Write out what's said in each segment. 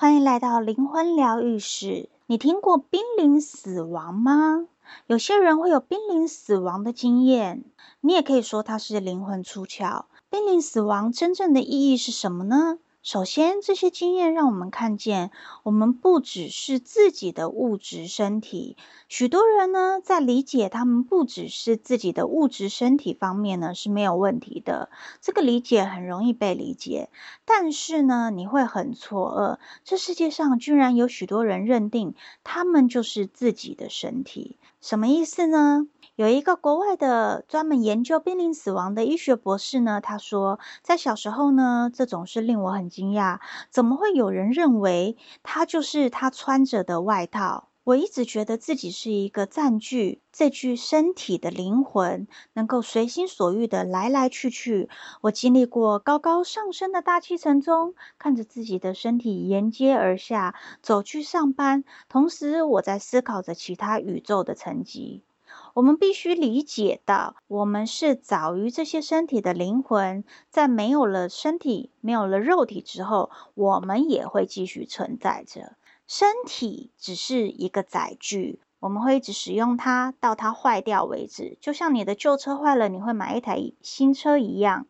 歡迎來到靈魂療癒室。你聽過瀕臨死亡嗎？有些人會有瀕臨死亡的經驗，你也可以說它是靈魂出竅。瀕臨死亡真正的意義是什麼呢？首先，這些經驗讓我們看見，我們不只是自己的物質身體。許多人呢，在理解他們不只是自己的物質身體方面呢，是沒有問題的。這個理解很容易被理解，但是呢，你會很錯愕，這世界上居然有許多人認定他們就是自己的身體。什麼意思呢？有一個國外的專門研究瀕臨死亡的醫學博士呢，他說，在小時候呢，這種事令我很驚訝，怎麼會有人認為他就是他穿着的外套？我一直覺得自己是一個占據這具身體的靈魂，能夠隨心所欲地來來去去。我經歷過高高上升的大氣層中，看着自己的身體沿街而下，走去上班，同時我在思考着其他宇宙的層級。我們必須理解到，我們是早於這些身體的靈魂，在沒有了身體、沒有了肉體之後，我們也會繼續存在着。身體只是一個載具，我們會一直使用它到它壞掉為止，就像你的舊車壞了，你會買一台新車一樣。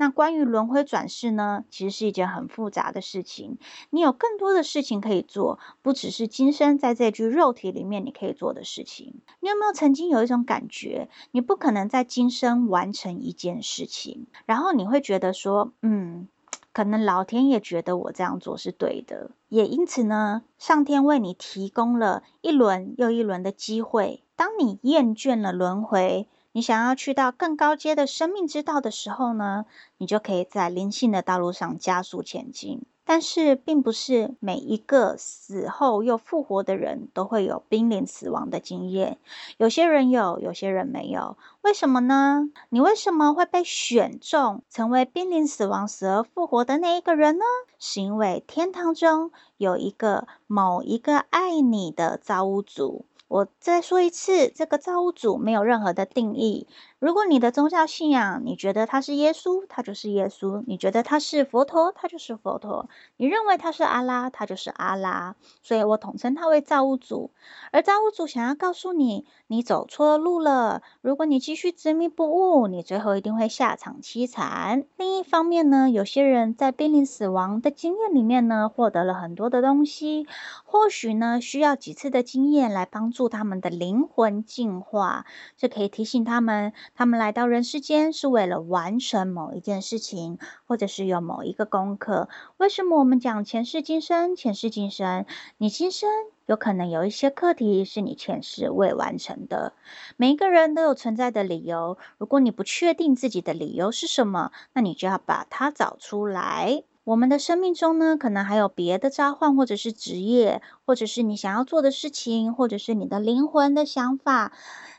那關於輪迴轉世呢，其實是一件很複雜的事情。你有更多的事情可以做，不只是今生在這具肉體裡面你可以做的事情。你有沒有曾經有一種感覺，你不可能在今生完成一件事情，然後你會覺得說，嗯，可能老天也覺得我這樣做是對的。也因此呢，上天為你提供了一輪又一輪的機會。當你厭倦了輪迴。你想要去到更高階的生命之道的時候呢，你就可以在靈性的道路上加速前進。但是，並不是每一個死後又復活的人都會有瀕臨死亡的經驗，有些人有，有些人沒有。為什麼呢？你為什麼會被選中成為瀕臨死亡、死而復活的那一個人呢？是因為天堂中有一個某一個愛你的造物主。我再說一次，這個造物主沒有任何的定義。如果你的宗教信仰，你覺得他是耶穌，他就是耶穌；你覺得他是佛陀，他就是佛陀；你認為他是阿拉，他就是阿拉。所以我統稱他為造物主。而造物主想要告訴你，你走錯路了。如果你繼續執迷不悟，你最後一定會下場淒慘。另一方面呢，有些人在瀕臨死亡的經驗裡面呢，獲得了很多的東西。或許呢，需要幾次的經驗來幫助。助他們的靈魂進化，這可以提醒他們，他們來到人世間是為了完成某一件事情，或者是有某一個功課。為什麼我們講前世今生？前世今生，你今生有可能有一些課題是你前世未完成的。每一個人都有存在的理由，如果你不確定自己的理由是什麼，那你就要把它找出來。我們的生命中呢，可能還有別的召喚，或者是職業，或者是你想要做的事情，或者是你的靈魂的想法。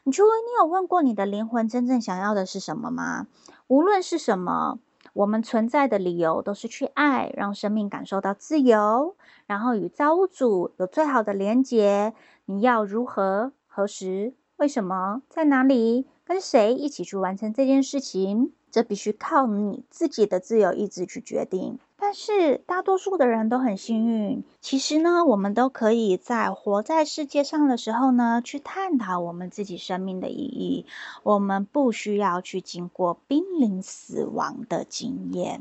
你去問，你有問過你的靈魂真正想要的是什麼嗎？無論是什麼，我們存在的理由都是去愛，讓生命感受到自由，然後與造物主有最好的連結。你要如何、何時、為什麼、在哪裡、跟誰一起去完成這件事情？這必須靠你自己的自由意志去決定。但是大多數的人都很幸運。其實呢，我們都可以在活在世界上的時候呢，去探討我們自己生命的意義。我們不需要去經過瀕臨死亡的經驗。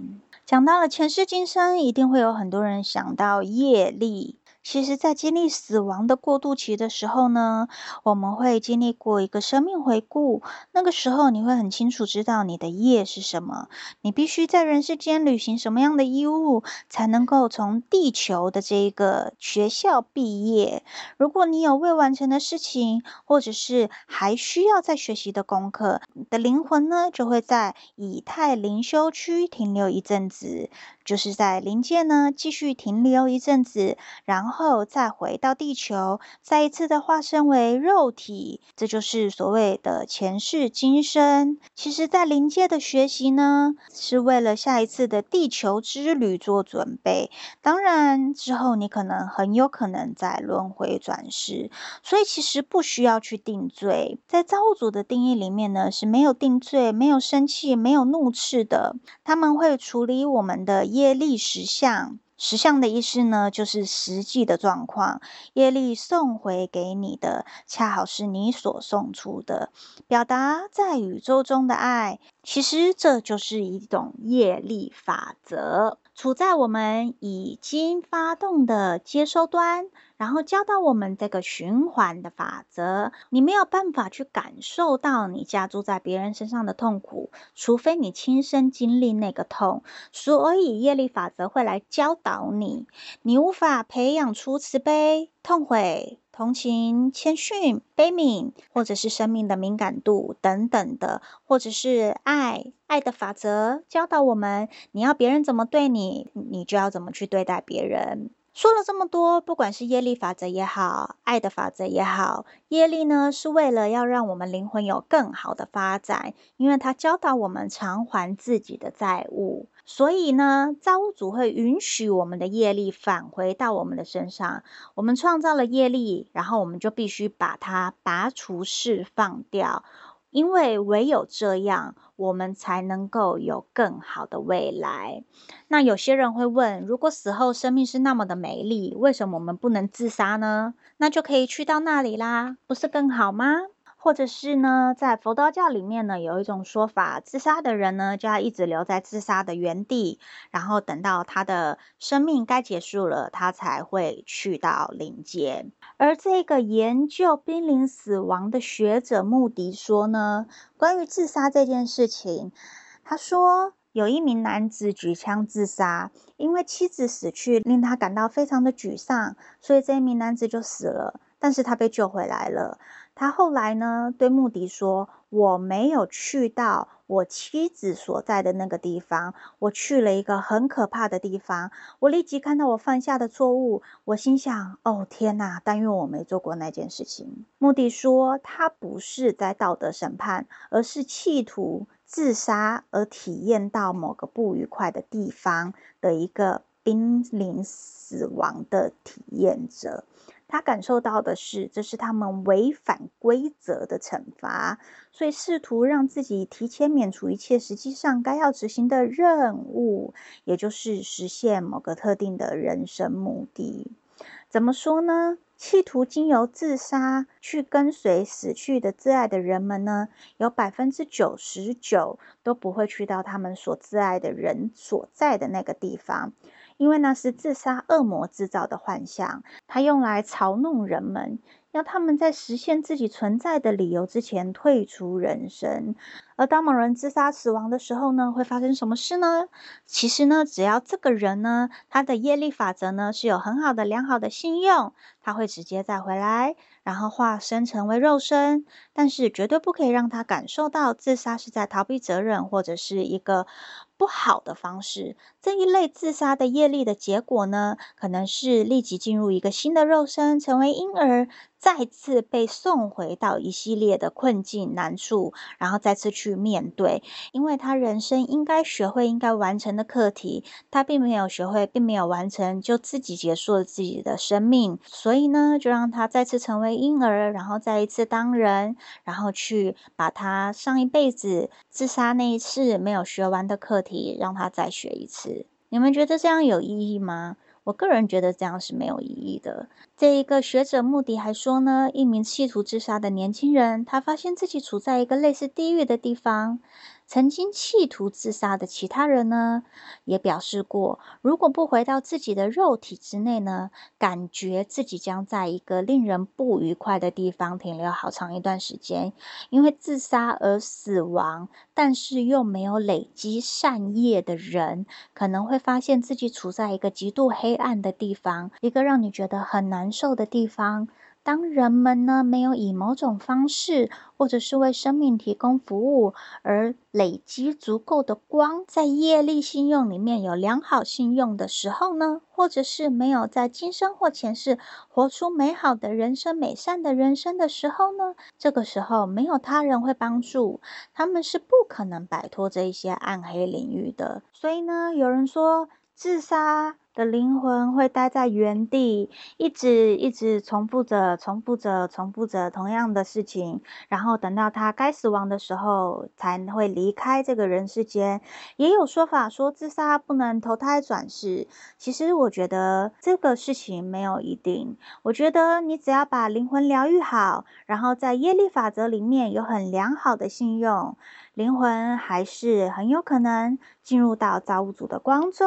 講到了前世今生，一定會有很多人想到業力。其實，在經歷死亡的過渡期的時候呢，我們會經歷過一個生命回顧。那個時候，你會很清楚知道你的業是什麼，你必須在人世間履行什麼樣的義務，才能夠從地球的這個學校畢業。如果你有未完成的事情，或者是還需要再學習的功課，你的靈魂呢，就會在以太靈修區停留一陣子。就是在靈界呢，繼續停留一陣子，然後再回到地球，再一次的化身為肉體，這就是所謂的前世今生。其實，在靈界的學習呢，是為了下一次的地球之旅做準備。當然，之後你可能很有可能再輪迴轉世，所以其實不需要去定罪。在造物主的定義裡面呢，是沒有定罪、沒有生氣、沒有怒斥的，他們會處理我們的。業力實相，實相的意思呢，就是實際的狀況。業力送回給你的，恰好是你所送出的，表達在宇宙中的愛，其實這就是一種業力法則。處在我們已經發動的接收端，然後教導我們這個循環的法則，你沒有辦法去感受到你加諸在別人身上的痛苦，除非你親身經歷那個痛。所以業力法則會來教導你，你無法培養出慈悲、痛悔。同情、謙遜、悲憫，或者是生命的敏感度等等的，或者是愛，愛的法則教導我們：你要別人怎麼對你，你就要怎麼去對待別人。說了這麼多，不管是業力法則也好，愛的法則也好，業力呢是為了要讓我們靈魂有更好的發展，因為它教導我們償還自己的債務。所以呢，造物主會允許我們的業力返回到我們的身上。我們創造了業力，然後我們就必須把它拔除、釋放掉，因為唯有這樣，我們才能夠有更好的未來。那有些人會問：如果死後生命是那麼的美麗，為什麼我們不能自殺呢？那就可以去到那裡啦，不是更好嗎？或者是呢，在佛道教裡面呢，有一種說法，自殺的人呢，就要一直留在自殺的原地，然後等到他的生命該結束了，他才會去到靈界。而這個研究瀕臨死亡的學者穆迪說呢，關於自殺這件事情，他說有一名男子舉槍自殺，因為妻子死去，令他感到非常的沮喪，所以這一名男子就死了，但是他被救回來了。他後來呢，對穆迪說：“我沒有去到我妻子所在的那個地方，我去了一個很可怕的地方。我立即看到我犯下的錯誤。我心想：哦，天哪！但願我沒做過那件事情。”穆迪說：“他不是在道德審判，而是企圖自殺而體驗到某個不愉快的地方的一個瀕臨死亡的體驗者。”他感受到的是，這是他們違反規則的懲罰，所以試圖讓自己提前免除一切實際上該要執行的任務，也就是實現某個特定的人生目的。怎麼說呢？企圖經由自殺去跟隨死去的摯愛的人們呢，有百分之九十九都不會去到他們所摯愛的人所在的那個地方。因為那是自殺惡魔製造的幻象，它用來嘲弄人們，要他們在實現自己存在的理由之前退出人生。而當某人自殺死亡的時候呢，會發生什麼事呢？其實呢，只要這個人呢，他的業力法則呢是有很好的良好的信用，他會直接再回來，然後化身成為肉身。但是絕對不可以讓他感受到自殺是在逃避責任或者是一個不好的方式。這一類自殺的業力的結果呢，可能是立即進入一個新的肉身，成為嬰兒，再次被送回到一系列的困境難處，然後再次去，去面對，因為他人生應該學會、應該完成的課題，他並沒有學會，並沒有完成，就自己結束了自己的生命。所以呢，就讓他再次成為嬰兒，然後再一次當人，然後去把他上一輩子自殺那一次沒有學完的課題，讓他再學一次。你們覺得這樣有意義嗎？我個人覺得這樣是沒有意義的。這一個學者穆迪還說呢，一名企圖自殺的年輕人，他發現自己處在一個類似地獄的地方。曾經企圖自殺的其他人呢，也表示過，如果不回到自己的肉體之內呢，感覺自己將在一個令人不愉快的地方停留好長一段時間。因為自殺而死亡，但是又沒有累積善業的人，可能會發現自己處在一個極度黑暗的地方，一個讓你覺得很難受的地方。當人們呢，沒有以某種方式，或者是為生命提供服務，而累積足夠的光，在業力信用裡面有良好信用的時候呢，或者是沒有在今生或前世活出美好的人生、美善的人生的時候呢，這個時候沒有他人會幫助，他們是不可能擺脫這一些暗黑領域的。所以呢，有人說自殺的靈魂會待在原地，一直一直重複着、重複着、重複着同樣的事情，然後等到他該死亡的時候，才會離開這個人世間。也有說法說自殺不能投胎轉世，其實我覺得這個事情沒有一定。我覺得你只要把靈魂療癒好，然後在業力法則裡面有很良好的信用，靈魂還是很有可能進入到造物主的光中。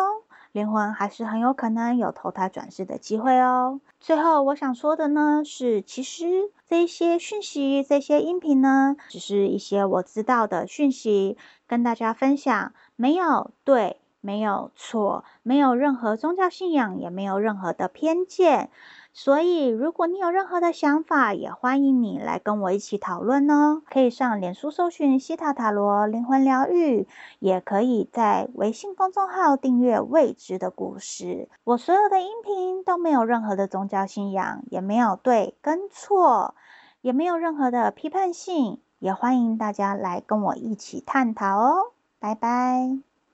靈魂還是很有可能有投胎轉世的機會哦。最後我想說的呢是，其實這些訊息、這些音頻呢，只是一些我知道的訊息，跟大家分享，沒有對，沒有錯，沒有任何宗教信仰，也沒有任何的偏見。所以，如果你有任何的想法，也歡迎你來跟我一起討論哦。可以上臉書搜尋希塔塔羅靈魂療癒，也可以在微信公眾號訂閱《未知的故事》。我所有的音頻都沒有任何的宗教信仰，也沒有對跟錯，也沒有任何的批判性，也歡迎大家來跟我一起探討哦。拜拜。